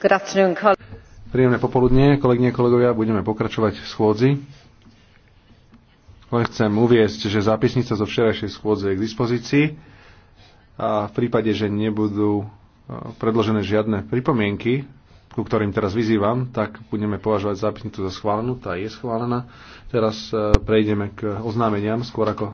Príjemné popoludnie, kolegyne, kolegovia, budeme pokračovať v schôdzi. Len chcem uviesť, že zápisnica zo včerajšej schôdze je k dispozícii a v prípade, že nebudú e, predložené žiadne pripomienky, ku ktorým teraz vyzývam, tak budeme považovať zápisnicu za schválenú, tá je schválená. Teraz e, prejdeme k oznámeniam, skôr ako